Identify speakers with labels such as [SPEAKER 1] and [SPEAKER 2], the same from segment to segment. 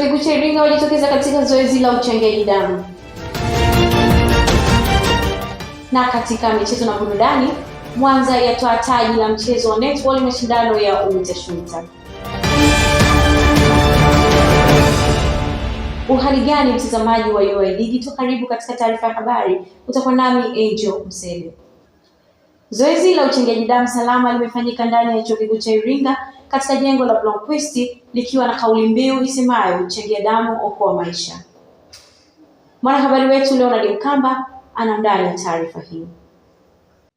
[SPEAKER 1] Klabu cha Iringa wajitokeza katika zoezi la uchangiaji damu. Na katika michezo na burudani, Mwanza yatoa taji la mchezo wa netball mashindano ya UMITA SHUMITA. Uhali gani mtazamaji wa UoI Digital, karibu katika taarifa ya habari, utakuwa nami Angel Msele. Zoezi la uchengeaji damu salama limefanyika ndani ya chuo kikuu cha Iringa katika jengo la Blomquist likiwa na kauli mbiu isemayo changia damu okoa maisha. Mwanahabari wetu Leonard Mkamba ana ndani ya taarifa hii.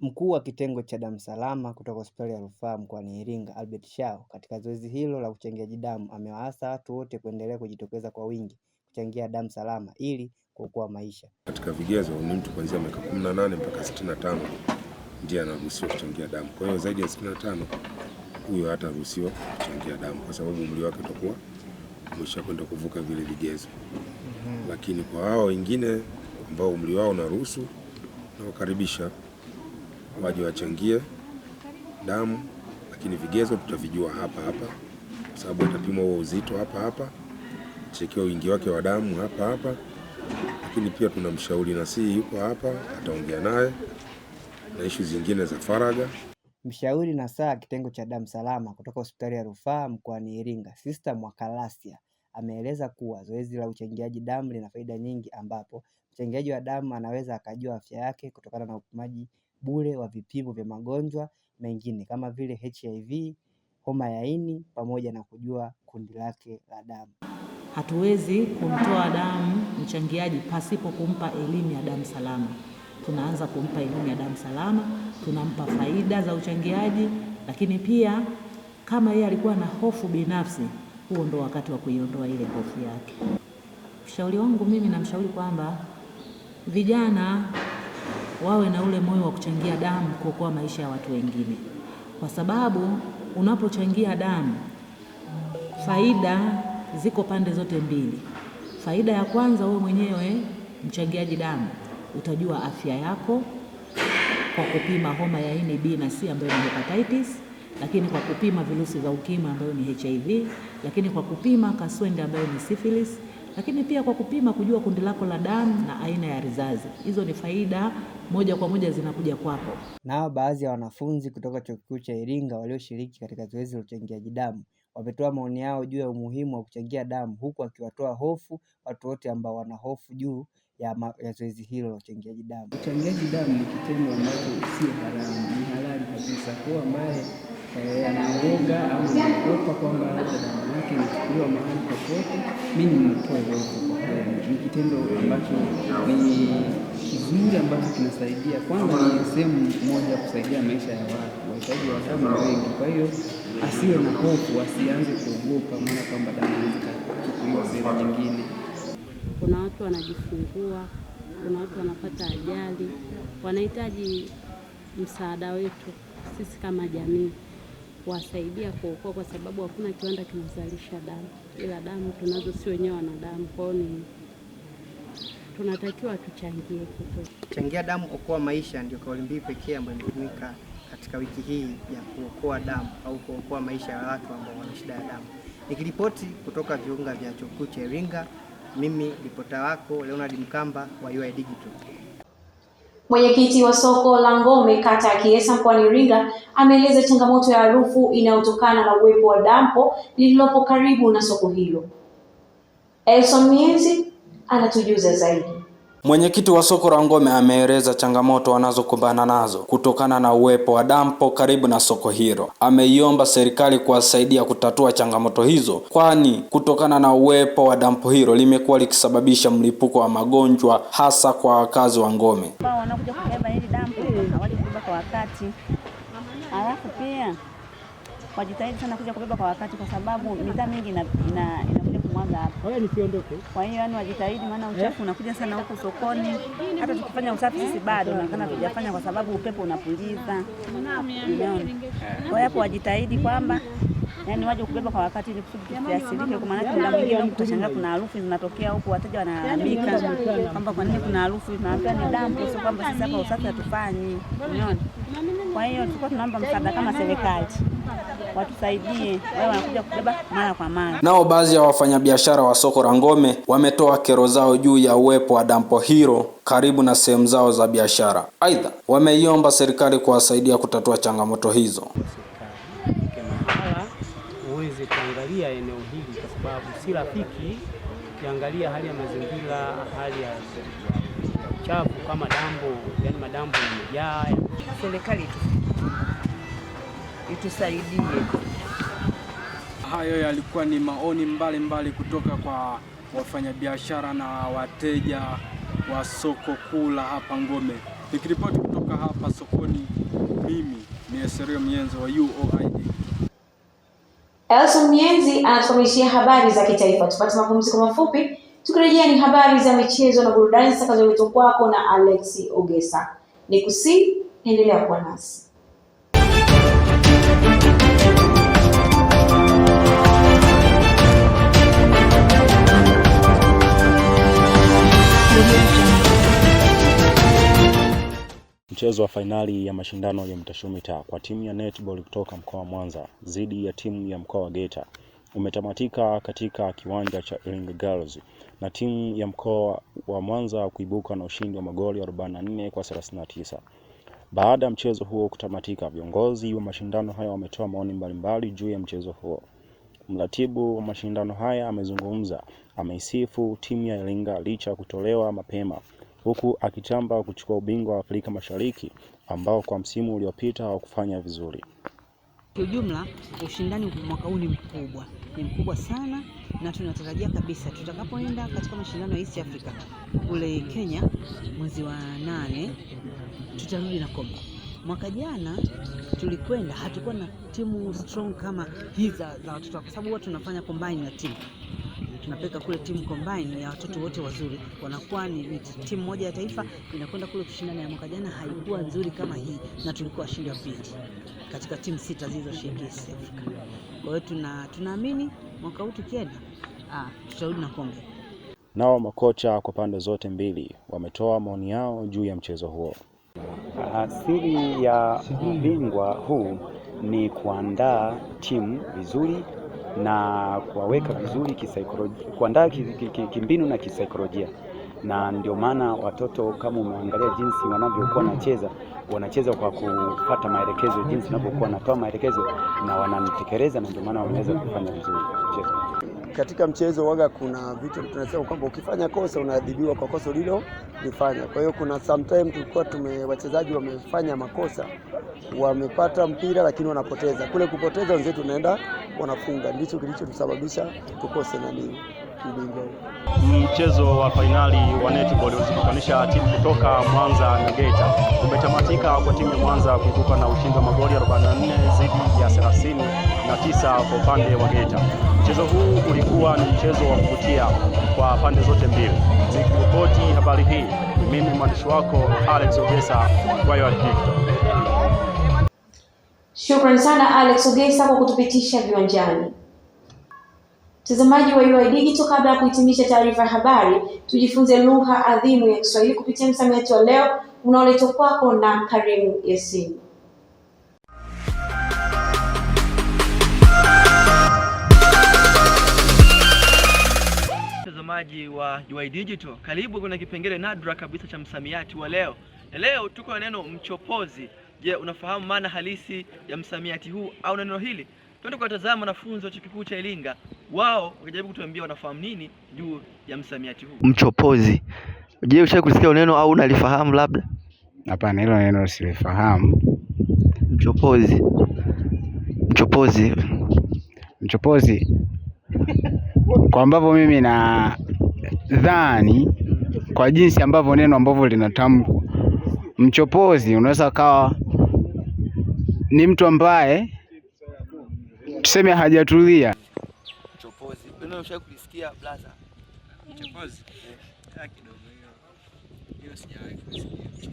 [SPEAKER 2] Mkuu wa kitengo cha damu salama kutoka hospitali ya rufaa mkoani Iringa, Albert Shao, katika zoezi hilo la uchangiaji damu amewaasa watu wote kuendelea kujitokeza kwa wingi kuchangia damu salama ili kuokoa maisha.
[SPEAKER 3] Katika vigezo ni mtu kuanzia miaka 18 mpaka tano ndiye anaruhusiwa kuchangia damu. Kwa hiyo zaidi ya 65 huyo ruhusiwa kuchangia damu kwa sababu umri wake utakuwa umeshakwenda kuvuka vile vigezo. mm -hmm. Lakini kwa hao wengine ambao umri wao unaruhusu, nawakaribisha waje wachangie damu, lakini vigezo tutavijua hapa hapa, kwa sababu atapimwa huo uzito hapa hapa, chekeo wingi wake wa damu hapa hapa, lakini pia tunamshauri na si yuko hapa, ataongea naye na ishu zingine za faraga
[SPEAKER 2] Mshauri na saa kitengo cha damu salama kutoka hospitali ya rufaa mkoani Iringa, Sista Mwakalasia ameeleza kuwa zoezi la uchangiaji damu lina faida nyingi, ambapo mchangiaji wa damu anaweza akajua afya yake kutokana na upimaji bure wa vipimo vya magonjwa mengine kama vile HIV, homa ya ini pamoja na kujua kundi lake la damu.
[SPEAKER 4] Hatuwezi kumtoa damu mchangiaji pasipo kumpa elimu ya damu salama tunaanza kumpa elimu ya damu salama, tunampa faida za uchangiaji, lakini pia kama yeye alikuwa na hofu binafsi, huo ndo wakati wa kuiondoa ile hofu yake. Ushauri wangu mimi namshauri kwamba vijana wawe na ule moyo wa kuchangia damu kuokoa maisha ya watu wengine, kwa sababu unapochangia damu faida ziko pande zote mbili. Faida ya kwanza, wewe mwenyewe mchangiaji damu utajua afya yako kwa kupima homa ya ini B na C ambayo ni hepatitis, lakini kwa kupima virusi vya ukimwi ambayo ni HIV, lakini kwa kupima kaswende ambayo ni syphilis, lakini pia kwa kupima kujua kundi lako la damu na aina ya rizazi. Hizo ni faida moja kwa moja zinakuja kwako.
[SPEAKER 2] Nao baadhi ya wanafunzi kutoka Chuo Kikuu cha Iringa walioshiriki katika zoezi la uchangiaji damu wametoa maoni yao juu ya umuhimu wa kuchangia damu, huku akiwatoa hofu watu wote ambao wana hofu juu ya zoezi hilo la uchangiaji damu.
[SPEAKER 5] Uchangiaji damu ni kitendo ambacho si haramu, ni halali kabisa kwa ambaye eh, anaoga au anaogopa kwamba labda damu yake inachukuliwa mahali popote, mimi nimetoa roho. Ni kitendo ambacho ni kizuri ambacho kinasaidia, kwanza ni sehemu moja kusaidia maisha ya watu, wahitaji wa damu ni wengi. Kwa hiyo asiwe na hofu, asianze kuogopa maana kwamba damu inaweza kuchukuliwa sehemu
[SPEAKER 6] nyingine kuna watu wanajifungua, kuna watu wanapata ajali, wanahitaji msaada wetu sisi kama jamii kuwasaidia kuokoa, kwa sababu hakuna kiwanda kinazalisha damu, ila damu tunazo si wenyewe wanadamu. Kwa hiyo ni tunatakiwa tuchangie kitu.
[SPEAKER 2] Changia damu, okoa maisha, ndio kauli mbiu pekee ambayo imetumika katika wiki hii ya kuokoa damu au kuokoa maisha ya watu ambao wana shida ya damu. Nikiripoti kutoka viunga vya chuo kikuu cha Iringa. Mimi ripota wako Leonard Mkamba wa UoI Digital.
[SPEAKER 1] Mwenyekiti wa soko la Ngome kata ya Kiesa mkoani Iringa ameeleza changamoto ya harufu inayotokana na uwepo wa dampo lililopo karibu na soko hilo. Elson Mienzi anatujuza zaidi.
[SPEAKER 7] Mwenyekiti wa soko la Ngome ameeleza changamoto wanazokumbana nazo kutokana na uwepo wa dampo karibu na soko hilo. Ameiomba serikali kuwasaidia kutatua changamoto hizo, kwani kutokana na uwepo wa dampo hilo limekuwa likisababisha mlipuko wa magonjwa hasa kwa wakazi wa Ngome.
[SPEAKER 8] Wanakuja kubeba hili dampo kwa wakati, alafu pia wajitahidi sana kuja kubeba kwa wakati, kwa sababu midhaa mingi ina, ina, ina kumwaga
[SPEAKER 9] hapa, nisiondoke.
[SPEAKER 8] Kwa hiyo yani wajitahidi, maana eh? uchafu unakuja sana huku sokoni. Hata tukifanya usafi sisi bado nakana tujafanya, kwa sababu upepo unapuliza. Kwa hiyo hapo wajitahidi kwamba yani waje kubeba kwa wakati ili kusudi tusiasilike, kwa maana kuna mwingine yaani yaani mtu tashangaa, kuna harufu zinatokea huku, wateja wanalalamika yaani kwamba kwa nini kuna harufu, tunaambia ni dampo, sio kwamba sisi hapa usafi hatufanyi, unaona. Kwa hiyo tulikuwa tunaomba msaada kama serikali watusaidie, wao wanakuja kubeba mara kwa mara.
[SPEAKER 7] Nao baadhi ya wafanyabiashara wa soko la Ngome wametoa kero zao juu ya uwepo wa dampo hilo karibu na sehemu zao za biashara. Aidha, wameiomba serikali kuwasaidia kutatua changamoto hizo.
[SPEAKER 10] kuangalia eneo hili kwa sababu si rafiki ukiangalia hali ya mazingira, hali ya uchafu kama dambo, yani madambo yamejaa.
[SPEAKER 6] Serikali itusaidie.
[SPEAKER 11] Hayo yalikuwa ni maoni mbalimbali mbali kutoka kwa wafanyabiashara na wateja wa soko kuu la hapa Ngome. Nikiripoti kutoka hapa sokoni, mimi ni Eserio Myenzo wa UoI
[SPEAKER 1] elson Mienzi anatukamilishia habari za kitaifa. Tupate mapumziko mafupi, tukirejea ni habari za michezo na burudani zitakazoletwa kwako na Alexi Ogesa. Nikusi, endelea kuwa nasi.
[SPEAKER 12] Mchezo wa fainali ya mashindano ya Mtashumita kwa timu ya netball kutoka mkoa wa Mwanza dhidi ya timu ya mkoa wa Geita umetamatika katika kiwanja cha Iringa Girls na timu ya mkoa wa Mwanza kuibuka na ushindi wa magoli 44 kwa 39. Baada ya mchezo huo kutamatika, viongozi wa mashindano haya wametoa maoni mbalimbali juu ya mchezo huo. Mratibu wa mashindano haya amezungumza, ameisifu timu ya Iringa licha ya kutolewa mapema huku akichamba kuchukua ubingwa wa Afrika Mashariki ambao kwa msimu uliopita hawakufanya vizuri.
[SPEAKER 4] Kiujumla, ushindani mwaka huu ni mkubwa, ni mkubwa sana, na tunatarajia kabisa tutakapoenda katika mashindano ya East Africa kule Kenya mwezi wa nane tutarudi na kombe. Mwaka jana tulikwenda, hatukuwa na timu strong kama hizi za watoto, kwa sababu huwa tunafanya combine na timu tunapeleka kule timu combine ya watoto wote wazuri, wanakuwa ni timu moja ya taifa inakwenda kule kushindana. Ya mwaka jana haikuwa nzuri kama hii, na tulikuwa washindi wa pili katika timu sita zilizoshiriki East Africa. Kwa hiyo tuna tunaamini mwaka huu tukienda, ah, tutarudi na kombe.
[SPEAKER 12] Nao makocha kwa pande zote mbili wametoa maoni yao juu ya mchezo huo.
[SPEAKER 13] Asili ya ubingwa huu ni kuandaa timu vizuri na kuwaweka vizuri kisaikolojia, kuandaa kimbinu na kisaikolojia na ndio maana watoto kama umeangalia jinsi wanavyokuwa wanacheza, wanacheza kwa kupata maelekezo, jinsi wanavyokuwa wanatoa maelekezo na wanamtekeleza, na ndio maana wameweza kufanya vizuri
[SPEAKER 14] katika mchezo waga kuna vitu tunasema kwamba ukifanya kosa unaadhibiwa kwa kosa ulilolifanya. Kwa hiyo kuna sometime tulikuwa tume wachezaji wamefanya makosa, wamepata mpira lakini wanapoteza. Kule kupoteza wenzetu unaenda wanafunga, ndicho kilichotusababisha tukose nini.
[SPEAKER 12] Mchezo wa fainali wa netball ulizokutanisha timu kutoka Mwanza na Geita umetamatika kwa timu ya Mwanza kuibuka na ushindi wa magoli 44 zidi ya 39 kwa upande wa Geita. Mchezo huu ulikuwa ni mchezo wa kuvutia kwa pande zote mbili. Nikiripoti habari hii, mimi mwandishi wako Alex Ogesa wa
[SPEAKER 1] Shukrani sana Alex Ogesa kwa kutupitisha viwanjani. Mtazamaji wa UoI Digital, kabla ya kuhitimisha taarifa ya habari, tujifunze lugha adhimu ya Kiswahili kupitia msamiati wa leo unaoletwa kwako na Karimu Yasin.
[SPEAKER 15] Mtazamaji wa UoI Digital, karibu kuna kipengele nadra kabisa cha msamiati wa leo, na leo tuko na neno mchopozi. Je, unafahamu maana halisi ya msamiati huu au neno hili? Twende kuwatazama wanafunzi wa chuo kikuu cha Iringa, wao wakijaribu kutuambia wanafahamu nini juu ya msamiati huu
[SPEAKER 16] mchopozi. Je, ushawahi kusikia neno au unalifahamu labda?
[SPEAKER 17] Hapana, hilo neno silifahamu.
[SPEAKER 16] Mchopozi, mchopozi,
[SPEAKER 17] mchopozi kwa ambavyo mimi na dhani kwa jinsi ambavyo neno ambavyo linatamkwa mchopozi, unaweza ukawa ni mtu ambaye tuseme hajatulia.
[SPEAKER 15] Chopozi unashawahi kulisikia blaza? Chopozi kidogo, hiyo sijawahi kulisikia.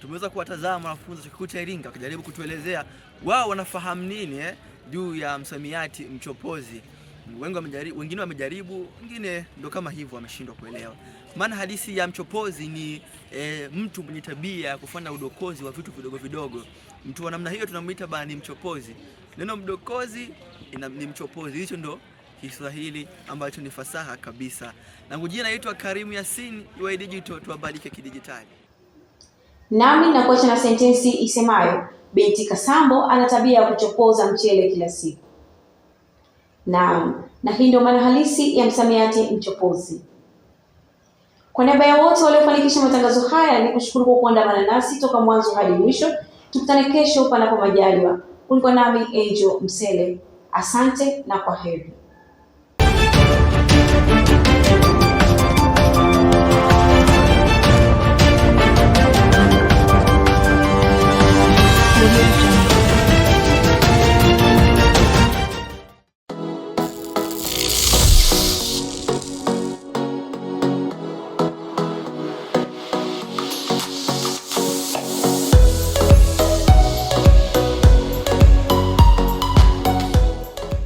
[SPEAKER 15] Tumeweza kuwatazama wanafunzi wa Chuo cha Iringa wakijaribu kutuelezea wao wanafahamu nini eh, juu ya msamiati mchopozi. Wengi wamejaribu, wengine wamejaribu, wengine ndo kama hivyo wameshindwa kuelewa maana halisi ya mchopozi ni e, mtu mwenye tabia ya kufanya udokozi wa vitu vidogo vidogo Mtu wa namna hiyo tunamuita baa ni mchopozi. Neno mdokozi ina, ni mchopozi. Hicho ndo Kiswahili ambacho ni fasaha kabisa. Na jina naitwa Karimu Yasin wa Digital, tuwabalike kidijitali.
[SPEAKER 1] Nami nakuacha na sentensi isemayo binti Kasambo ana tabia ya kuchopoza mchele kila siku. Naam, na hii ndio maana halisi ya msamiati mchopozi. Kwa niaba ya wote waliofanikisha matangazo haya, ni kushukuru kwa kuandamana nasi toka mwanzo hadi mwisho. Tukutane kesho panapo majaliwa. Ulikuwa nami Angel Msele, asante na kwa heri